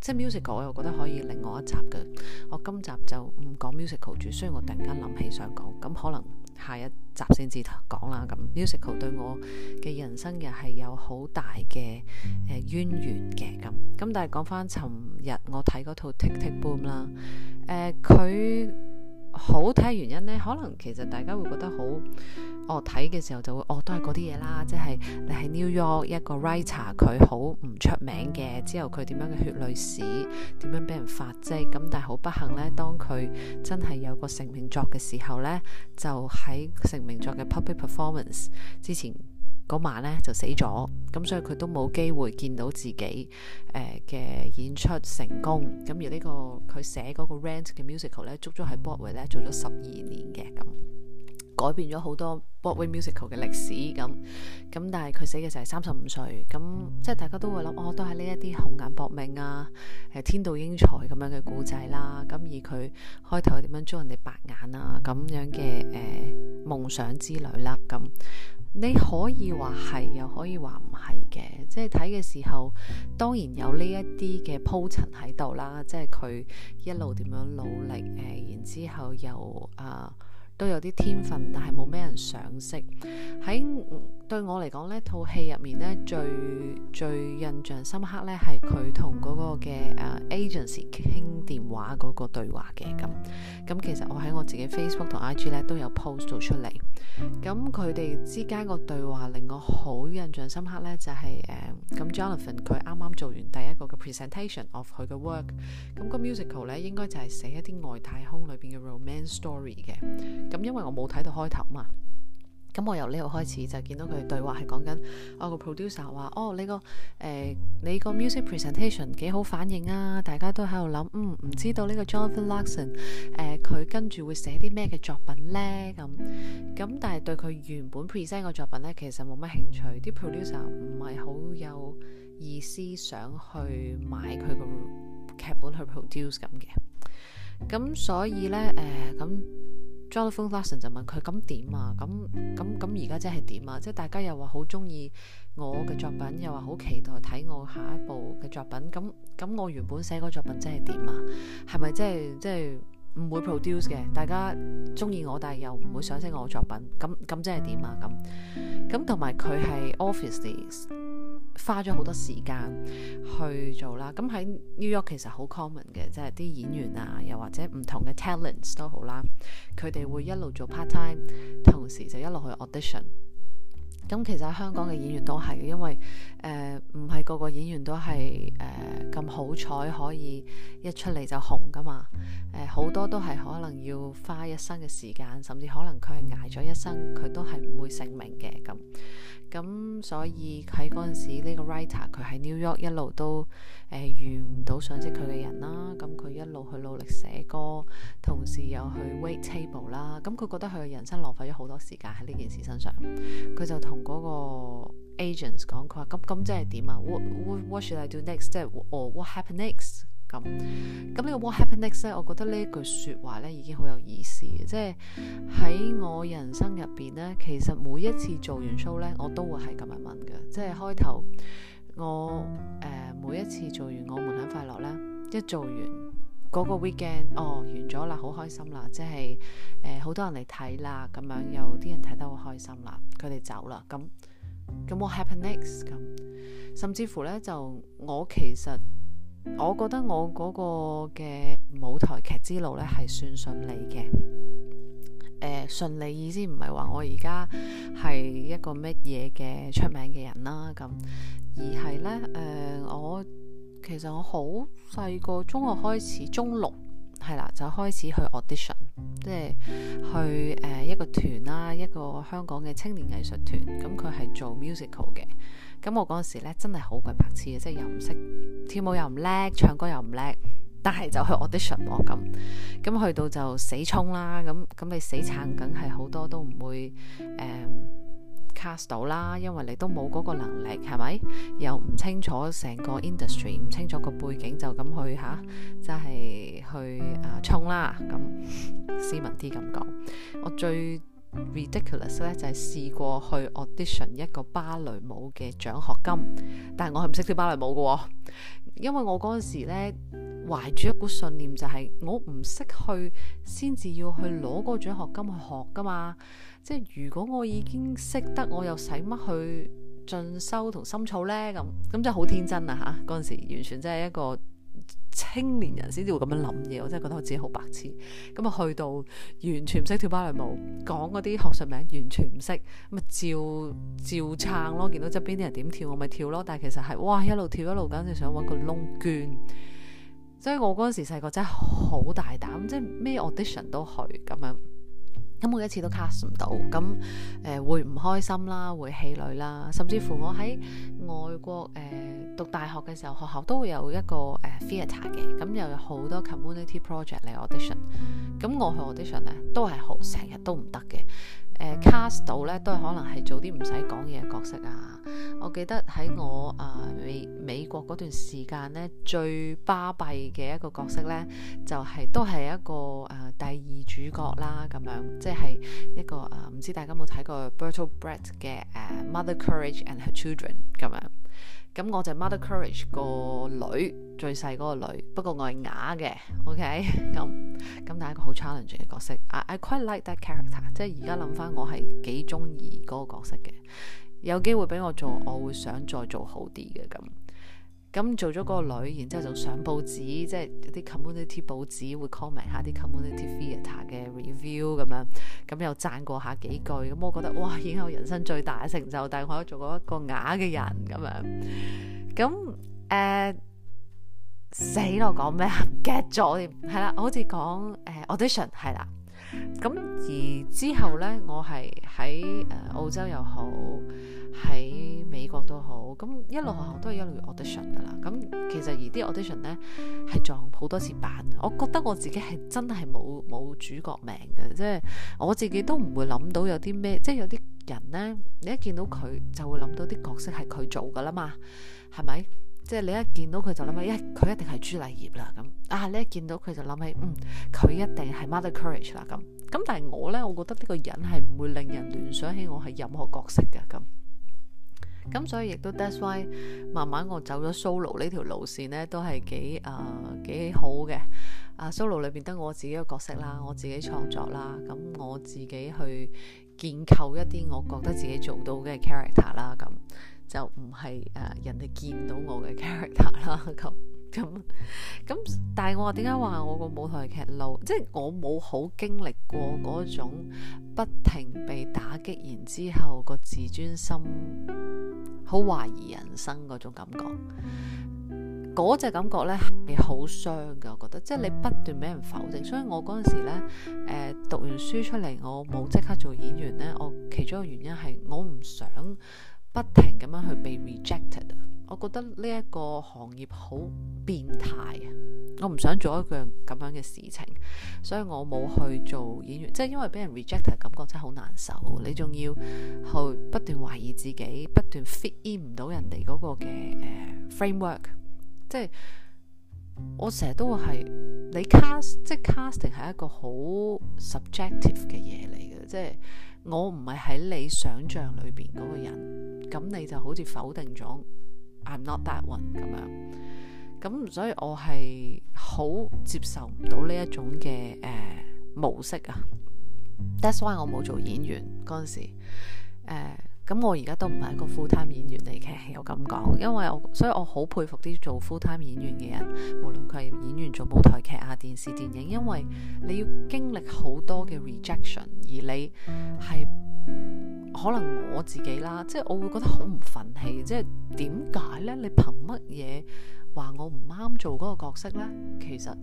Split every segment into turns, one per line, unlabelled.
即係 musical 我又覺得可以另外一集嘅，我今集就唔講 musical 住，雖然我突然間諗起想講，咁可能下一集先至講啦。咁 musical 對我嘅人生又係有好大嘅誒、呃、淵源嘅咁，咁但係講返尋日我睇嗰套《Tick Tick Boom》啦，誒、呃、佢。好睇原因呢，可能其實大家會覺得好，我睇嘅時候就會，哦，都係嗰啲嘢啦，即係你喺 New York 一個 writer，佢好唔出名嘅，之後佢點樣嘅血淚史，點樣俾人發跡，咁但係好不幸呢，當佢真係有個成名作嘅時候呢，就喺成名作嘅 public performance 之前，嗰晚咧就死咗，咁所以佢都冇機會見到自己誒嘅、呃、演出成功。咁而呢個佢寫嗰個《Rent》嘅 musical 咧，足足喺 Broadway 咧做咗十二年嘅咁，改變咗好多 Broadway musical 嘅歷史。咁咁但係佢死嘅就係三十五歲，咁即係大家都會諗，哦，都係呢一啲紅眼搏命啊，誒天妒英才咁樣嘅故仔啦。咁而佢開頭點樣遭人哋白眼啊，咁樣嘅誒、呃、夢想之旅啦，咁。你可以話係，又可以話唔係嘅，即係睇嘅時候，當然有呢一啲嘅鋪陳喺度啦。即係佢一路點樣努力誒、呃，然之後又啊、呃、都有啲天分，但係冇咩人賞識喺。對我嚟講，呢套戲入面咧最最印象深刻咧，係佢同嗰個嘅誒 agency 傾電話嗰個對話嘅咁。咁其實我喺我自己 Facebook 同 IG 咧都有 post 咗出嚟。咁佢哋之間個對話令我好印象深刻呢就係、是、誒咁、uh, Jonathan 佢啱啱做完第一個嘅 presentation of 佢嘅 work。咁個 musical 呢，應該就係寫一啲外太空裏邊嘅 romance story 嘅。咁因為我冇睇到開頭嘛。咁、嗯、我由呢度開始就見到佢對話係講緊，我、哦、個 producer 話：哦，你個誒、呃、你個 music presentation 幾好反應啊！大家都喺度諗，嗯，唔知道呢個 Jonathan Larson 誒、呃、佢跟住會寫啲咩嘅作品呢？嗯，咁、嗯。咁但係對佢原本 present 嘅作品呢，其實冇乜興趣，啲 producer 唔係好有意思想去買佢個劇本去 produce 咁嘅。咁、嗯、所以呢，誒、呃、咁。嗯 Jonathan Larson 就問佢咁點啊？咁咁咁而家即係點啊？即係大家又話好中意我嘅作品，又話好期待睇我下一部嘅作品。咁咁我原本寫個作品即係點啊？係咪即係即係唔會 produce 嘅？大家中意我，但係又唔會賞識我作品。咁咁即係點啊？咁咁同埋佢係 offices。花咗好多時間去做啦，咁喺 New York 其實好 common 嘅，即係啲演員啊，又或者唔同嘅 talents 都好啦，佢哋會一路做 part time，同時就一路去 audition。咁其實香港嘅演員都係，因為誒唔係個個演員都係誒咁好彩可以一出嚟就紅㗎嘛，誒、呃、好多都係可能要花一生嘅時間，甚至可能佢係捱咗一生，佢都係唔會成名嘅咁。咁所以喺嗰陣時呢個 writer，佢喺 New York 一路都。遇唔到想識佢嘅人啦，咁、啊、佢一路去努力寫歌，同時又去 wait table 啦、啊，咁、啊、佢覺得佢嘅人生浪費咗好多時間喺呢件事身上，佢就同嗰個 agents 講，佢話：咁咁即係點啊？What What Should I Do Next？即係 What Happen Next？咁咁呢個 What Happen Next 呢，我覺得呢句説話呢已經好有意思，即係喺我人生入邊呢，其實每一次做完 show 呢，我都會係咁樣問嘅，即係開頭。我誒、呃，每一次做完，我們很快樂咧。一做完嗰、那個 weekend，哦，完咗啦，好開心啦，即係誒，好、呃、多人嚟睇啦，咁樣有啲人睇得好開心啦，佢哋走啦。咁咁 what happen next？咁甚至乎咧，就我其實我覺得我嗰個嘅舞台劇之路咧，係算順利嘅。誒、呃，順利意思唔係話我而家係一個乜嘢嘅出名嘅人啦，咁。而係呢，誒、呃，我其實我好細個，中學開始，中六係啦，就開始去 audition，即係去誒、呃、一個團啦，一個香港嘅青年藝術團，咁佢係做 musical 嘅，咁我嗰陣時呢，真係好鬼白痴嘅，即係又唔識跳舞又唔叻，唱歌又唔叻，但係就去 audition 我、哦、咁，咁去到就死衝啦，咁咁你死撐梗係好多都唔會誒。呃 cast 到啦，因為你都冇嗰個能力，係咪？又唔清楚成個 industry，唔清楚個背景就咁去吓、啊，真係去啊衝、呃、啦！咁斯文啲咁講，我最 ridiculous 咧就係、是、試過去 audition 一個芭蕾舞嘅獎學金，但係我係唔識跳芭蕾舞嘅喎、哦，因為我嗰陣時咧懷住一股信念就係我唔識去先至要去攞嗰個獎學金去學㗎嘛。即係如果我已經識得，我又使乜去進修同深造呢？咁咁真係好天真啊！嚇，嗰陣時完全真係一個青年人先至會咁樣諗嘢，我真係覺得我自己好白痴。咁啊，去到完全唔識跳芭蕾舞，講嗰啲學術名完全唔識，咁啊照照撐咯。見到側邊啲人點跳，我咪跳咯。但係其實係，哇！一路跳一路緊，就想揾個窿捐。」所以我嗰陣時細個真係好大膽，即係咩 audition 都去咁樣。咁每一次都 cast 唔到，咁誒、呃、會唔開心啦，會氣餒啦，甚至乎我喺外國誒、呃、讀大學嘅時候，學校都會有一個誒 theatre 嘅，咁、呃、又有好多 community project 嚟 audition，咁我去 audition 咧都係好成日都唔得嘅。呃、cast 到咧都係可能係做啲唔使講嘢嘅角色啊！我記得喺我啊、呃、美美國嗰段時間咧最巴閉嘅一個角色咧就係、是、都係一個誒、呃、第二主角啦咁樣，即係一個誒唔、呃、知大家有冇睇過 Bertolt Brett 嘅誒、呃、Mother Courage and Her Children 咁樣。咁我就 Mother Courage 個女最細嗰個女，不過我係啞嘅，OK 咁 咁，但係一個好 challenge 嘅角色。I, I quite like that character，即係而家諗返，我係幾中意嗰個角色嘅。有機會俾我做，我會想再做好啲嘅咁。咁做咗嗰個女，然之後就上報紙，即係啲 community 報紙會 comment 下啲 community theatre 嘅 review 咁樣，咁又贊過下幾句，咁我覺得哇！已經係我人生最大嘅成就，但係我有做過一個啞嘅人咁樣，咁誒死咯，講咩 get 咗添，係啦，啊、我 我好似講誒 audition 係啦。咁而之後呢，我係喺、呃、澳洲又好，喺美國都好，咁一路學校都係一路 audition 噶啦。咁其實而啲 audition 呢係撞好多次板，我覺得我自己係真係冇冇主角命嘅，即係我自己都唔會諗到有啲咩。即係有啲人呢，你一見到佢就會諗到啲角色係佢做噶啦嘛，係咪？即係你一見到佢就諗起，一、欸、佢一定係朱麗葉啦咁。啊，你一見到佢就諗起，嗯，佢一定係 Mother Courage 啦咁。咁但係我呢，我覺得呢個人係唔會令人聯想起我係任何角色嘅咁。咁所以亦都 That's why 慢慢我走咗 solo 呢條路線呢，都係幾啊幾好嘅。啊、uh，solo 裏面得我自己嘅角色啦，我自己創作啦，咁我自己去建構一啲我覺得自己做到嘅 character 啦咁。就唔係誒，人哋見到我嘅 character 啦，咁咁咁。但係我話點解話我個舞台劇路，即係我冇好經歷過嗰種不停被打擊，然之後個自尊心好懷疑人生嗰種感覺。嗰隻感覺呢係好傷嘅，我覺得。即係你不斷俾人否定，所以我嗰陣時咧誒、呃、讀完書出嚟，我冇即刻做演員呢。我其中一個原因係我唔想。不停咁樣去被 rejected，我覺得呢一個行業好變態啊！我唔想做一樣咁樣嘅事情，所以我冇去做演員，即係因為俾人 rejected，感覺真係好難受。你仲要去不斷懷疑自己，不斷 fit in 唔到人哋嗰個嘅誒、uh, framework，即係我成日都會係你 cast，即係 casting 係一個好 subjective 嘅嘢嚟嘅，即係。我唔係喺你想象裏邊嗰個人，咁你就好似否定咗 I'm not that one 咁樣，咁所以我係好接受唔到呢一種嘅誒、呃、模式啊。That's why 我冇做演員嗰陣時，呃咁我而家都唔係一個 fulltime 演員嚟嘅，有咁講，因為我，所以我好佩服啲做 fulltime 演員嘅人，無論佢係演員做舞台劇啊、電視電影，因為你要經歷好多嘅 rejection，而你係可能我自己啦，即係我會覺得好唔憤氣，即係點解呢？你憑乜嘢話我唔啱做嗰個角色呢？其實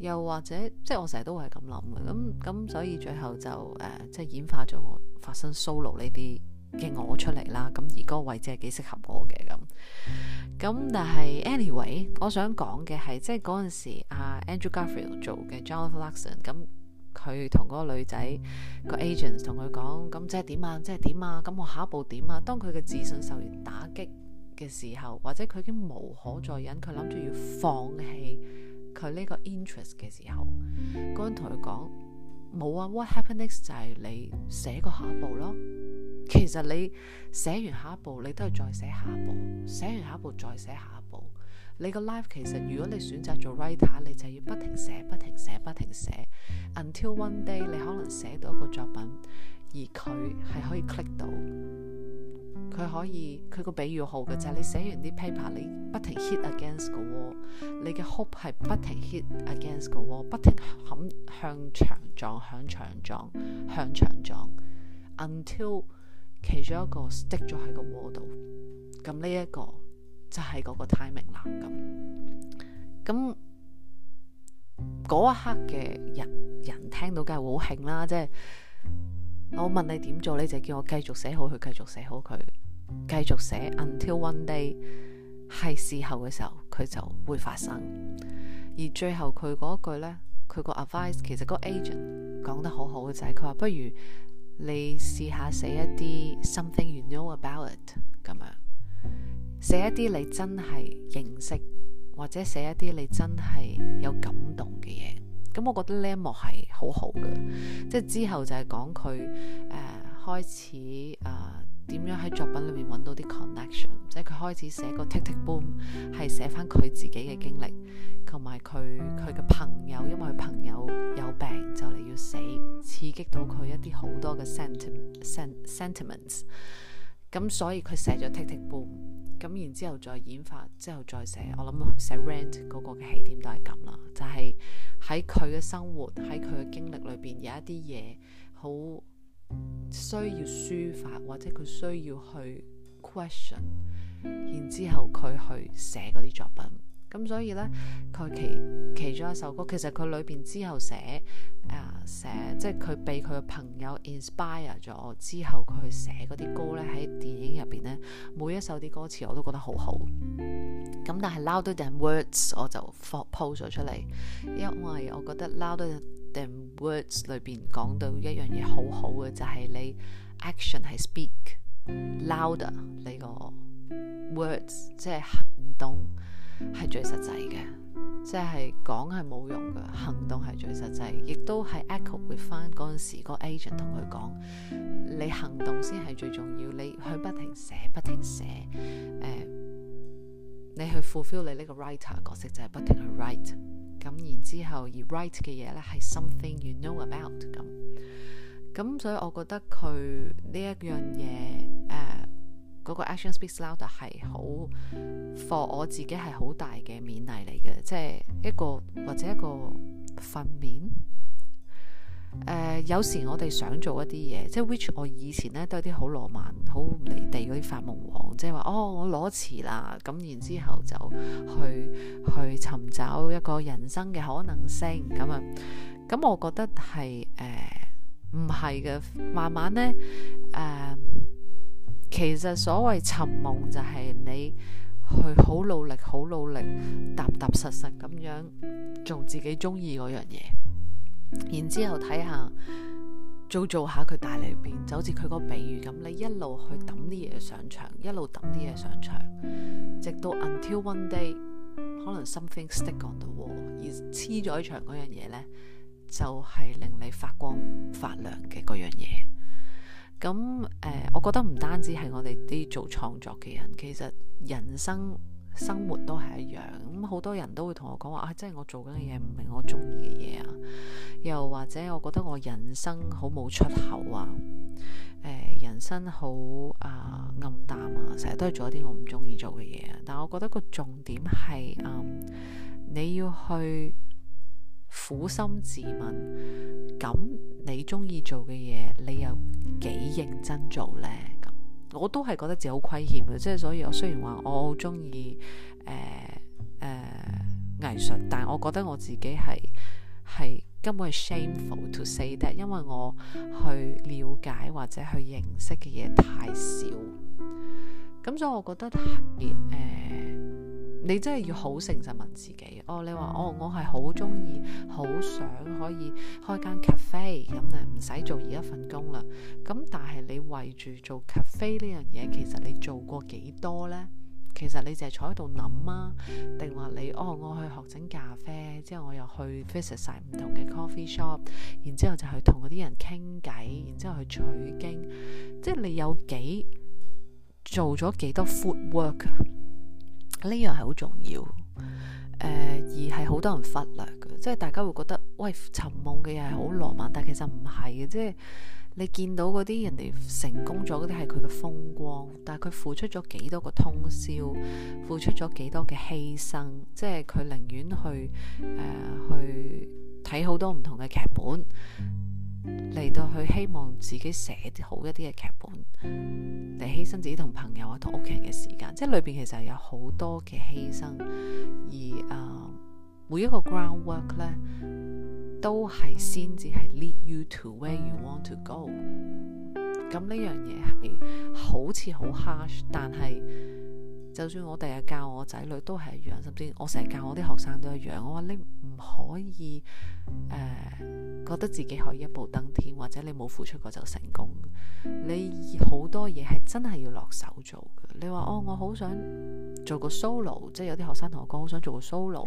又或者即係我成日都會係咁諗嘅，咁咁所以最後就誒、呃、即係演化咗我發生 solo 呢啲。嘅我出嚟啦，咁而嗰個位置係幾適合我嘅咁咁。但係，anyway，我想講嘅係即係嗰陣時，阿、啊、Andrew Garfield 做嘅 Jonathan Larson 咁佢同嗰個女仔、嗰個 agents 同佢講，咁即係點啊？即係點啊？咁我下一步點啊？當佢嘅自信受完打擊嘅時候，或者佢已經無可再忍，佢諗住要放棄佢呢個 interest 嘅時候，嗰個人同佢講冇啊。What happens next 就係你寫個下一步咯。其實你寫完下一步，你都係再寫下一步。寫完下一步再寫下一步。你個 life 其實，如果你選擇做 writer，你就要不停寫、不停寫、不停寫，until one day 你可能寫到一個作品，而佢係可以 click 到佢可以佢個比喻好嘅就係你寫完啲 paper，你不停 hit against the wall，你嘅 hope 係不停 hit against the wall，不停噉向牆撞、向牆撞、向牆撞,向牆撞，until 其中一個 stick 咗喺個 wall 度，咁呢一個就係嗰個 timing 啦。咁嗰一刻嘅人人聽到，梗係好興啦。即係我問你點做，你就叫我繼續寫好佢，繼續寫好佢，繼續寫 until one day 係事後嘅時候，佢就會發生。而最後佢嗰句呢，佢個 advice 其實個 agent 講得好好嘅就係佢話，不如。你試下寫一啲 something you know about it 咁樣，寫一啲你真係認識或者寫一啲你真係有感動嘅嘢，咁我覺得呢一幕係好好嘅，即係之後就係講佢誒開始啊。呃點樣喺作品裏面揾到啲 connection？即係佢開始寫個 Tick Tick Boom，係寫翻佢自己嘅經歷，同埋佢佢嘅朋友，因為佢朋友有病就嚟要死，刺激到佢一啲好多嘅 sentiment sentiments。咁所以佢寫咗 Tick Tick Boom，咁然之後再演化，之後再寫，我諗寫 Rent 嗰個嘅起點都係咁啦，就係喺佢嘅生活，喺佢嘅經歷裏邊有一啲嘢好需要抒發，或者佢需要去 question，然之後佢去寫嗰啲作品。咁所以呢，佢其其中一首歌，其實佢裏邊之後寫誒、呃、寫，即係佢被佢嘅朋友 inspire 咗我之後，佢寫嗰啲歌呢，喺電影入邊呢，每一首啲歌詞我都覺得好好。咁但係 Louder Than Words 我就放 post 咗出嚟，
因為
我覺得 Louder Than Words 裏邊講到一樣嘢。就係你 action 係 speak louder 你個 words，即係行動係最實際嘅，即係講係冇用嘅，行動係最實際，亦都係 echo 回翻嗰陣時，個 agent 同佢講，你行動先係最重要，你去不停寫，不停寫，誒、呃，你去 fulfill 你呢個 writer 角色就係、是、不停去 write 咁，然之後而 write 嘅嘢咧係 something you know about 咁。咁所以，我覺得佢呢一樣嘢，誒、呃、嗰、那個 Action Speaks Louder 係好 for 我自己係好大嘅勉勵嚟嘅，即係一個或者一個訓練。誒、呃、有時我哋想做一啲嘢，即係 which 我以前咧都有啲好浪漫、好離地嗰啲發夢王，即係話哦，我攞辭啦，咁然之後就去去尋找一個人生嘅可能性咁啊。咁我覺得係誒。呃唔係嘅，慢慢呢。誒、呃，其實所謂尋夢就係你去好努力、好努力、踏踏實實咁樣做自己中意嗰樣嘢，然之後睇下做做下佢帶嚟邊，就好似佢個比喻咁，你一路去抌啲嘢上牆，一路抌啲嘢上牆，直到 until one day 可能 something stick on the wall 而黐咗喺牆嗰樣嘢呢。就係令你發光發亮嘅嗰樣嘢，咁誒、呃，我覺得唔單止係我哋啲做創作嘅人，其實人生生活都係一樣。咁、嗯、好多人都會同我講話啊，即係我做緊嘅嘢唔係我中意嘅嘢啊，又或者我覺得我人生好冇出口啊，呃、人生好啊、呃、暗淡啊，成日都係做一啲我唔中意做嘅嘢。但我覺得個重點係、嗯，你要去。苦心自問，咁你中意做嘅嘢，你又幾認真做呢？咁我都係覺得自己好虧欠嘅，即係所以我雖然話我好中意誒誒藝術，但係我覺得我自己係係根本係 shameful to say that，因為我去了解或者去認識嘅嘢太少，咁所以我覺得係誒。呃你真係要好誠實問自己，哦，你話，哦，我係好中意，好想可以開間 cafe，咁咧唔使做而家份工啦。咁但係你為住做 cafe 呢樣嘢，其實你做過幾多呢？其實你就係坐喺度諗啊，定話你，哦，我去學整咖啡，之後我又去 visit 晒唔同嘅 coffee shop，然之後就去同嗰啲人傾偈，然之後去取經，即係你有幾做咗幾多 footwork？呢樣係好重要，誒、呃、而係好多人忽略嘅，即係大家會覺得，喂，尋夢嘅嘢係好浪漫，但其實唔係嘅，即係你見到嗰啲人哋成功咗嗰啲係佢嘅風光，但係佢付出咗幾多個通宵，付出咗幾多嘅犧牲，即係佢寧願去誒、呃、去睇好多唔同嘅劇本。嚟到去希望自己寫好一啲嘅劇本，嚟犧牲自己同朋友啊，同屋企人嘅時間，即係裏邊其實有好多嘅犧牲。而誒、呃，每一個 groundwork 咧，都係先至係 lead you to where you want to go。咁呢樣嘢係好似好 harsh，但係。就算我第日教我仔女都係一樣，甚至我成日教我啲學生都一樣。我話，你唔可以誒、呃、覺得自己可以一步登天，或者你冇付出過就成功。你好多嘢係真係要落手做嘅。你話哦，我好想做個 solo，即係有啲學生同我講，好想做個 solo。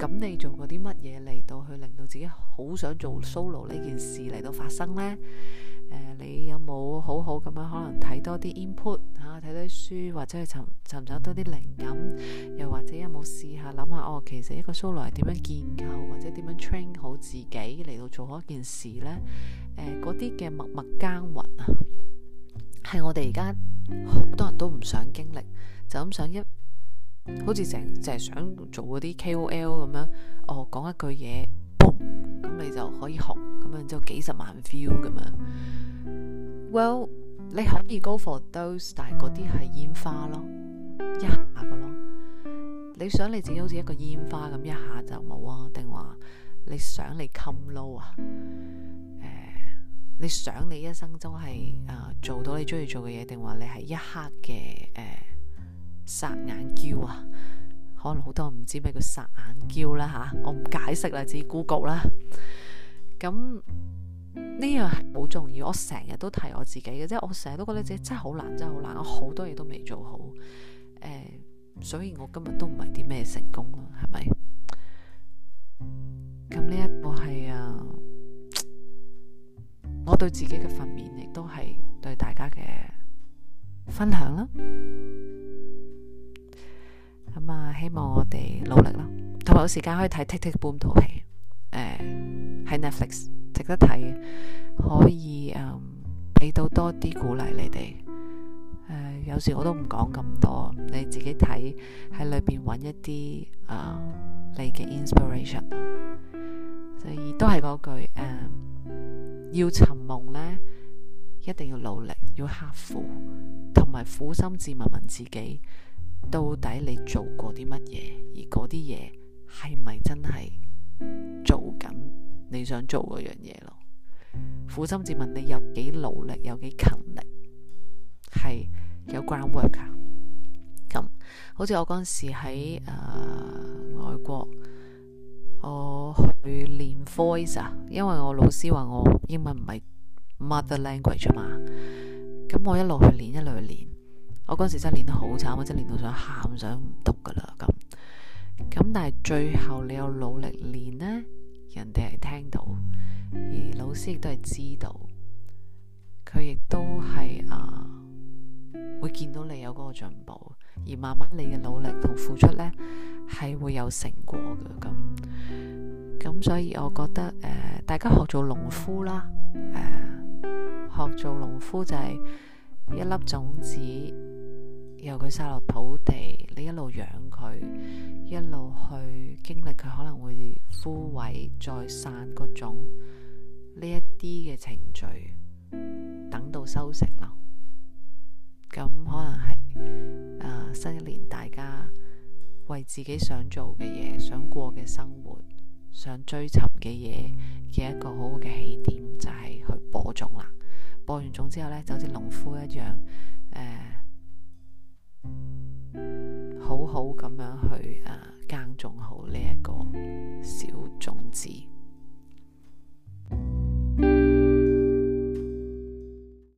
咁你做過啲乜嘢嚟到去令到自己好想做 solo 呢件事嚟到發生咧？誒、呃，你有冇好好咁樣可能睇多啲 input 嚇、啊，睇多啲書，或者去尋尋找多啲靈感，又或者有冇試下諗下哦，其實一個 solo 係點樣建構，或者點樣 train 好自己嚟到做好一件事呢？嗰啲嘅默默耕耘啊，係我哋而家好多人都唔想經歷，就咁想一，好似成日淨係想做嗰啲 KOL 咁樣，哦，講一句嘢，boom，咁你就可以紅。咁樣就幾十萬 view 咁樣。Well，你可以 go for those，但係嗰啲係煙花咯，一下噶咯。你想你自己好似一個煙花咁一下就冇啊？定話你想你 come low 啊？誒、呃，你想你一生中係誒、呃、做到你中意做嘅嘢，定話你係一刻嘅誒殺眼嬌啊？可能好多人唔知咩叫殺眼嬌啦吓，我唔解釋啦，自己 Google 啦。咁呢樣係好重要，我成日都提我自己嘅，即係我成日都覺得自己真係好難，真係好難，我好多嘢都未做好誒、呃，所以我今日都唔係啲咩成功咯，係咪？咁呢一個係啊，我對自己嘅訓練亦都係對大家嘅分享啦。咁、嗯、啊，希望我哋努力咯。同埋有時間可以睇《Tick, Tick... Boom!》半套戲誒。呃喺 Netflix 值得睇，可以誒俾、嗯、到多啲鼓勵你哋。誒、呃、有時我都唔講咁多，你自己睇喺裏邊揾一啲誒、呃、你嘅 inspiration。所以都係嗰句誒、呃，要尋夢咧，一定要努力，要克服同埋苦心自問問自己，到底你做過啲乜嘢？而嗰啲嘢係咪真係做？你想做嗰樣嘢咯？苦心自問，你有幾努力，有幾勤力，係有 groundwork 啊？咁好似我嗰陣時喺誒、呃、外國，我去練 voice 啊，因為我老師話我英文唔係 mother language 啊嘛。咁我一路去練，一路去練，我嗰陣時真係練得好慘，我真係練到想喊、想唔讀噶啦咁。咁但係最後你又努力練呢。人哋係聽到，而老師亦都係知道，佢亦都係啊，會見到你有嗰個進步，而慢慢你嘅努力同付出呢，係會有成果嘅咁。咁所以我覺得誒、呃，大家學做農夫啦，誒、呃，學做農夫就係一粒種子。由佢撒落土地，你一路養佢，一路去經歷佢可能會枯萎，再散個種，呢一啲嘅程序，等到收成咯。咁可能係、呃、新一年，大家為自己想做嘅嘢、想過嘅生活、想追尋嘅嘢嘅一個好好嘅起點，就係、是、去播種啦。播完種之後呢，就好似農夫一樣誒。呃好好咁樣去耕種好呢一個小種子。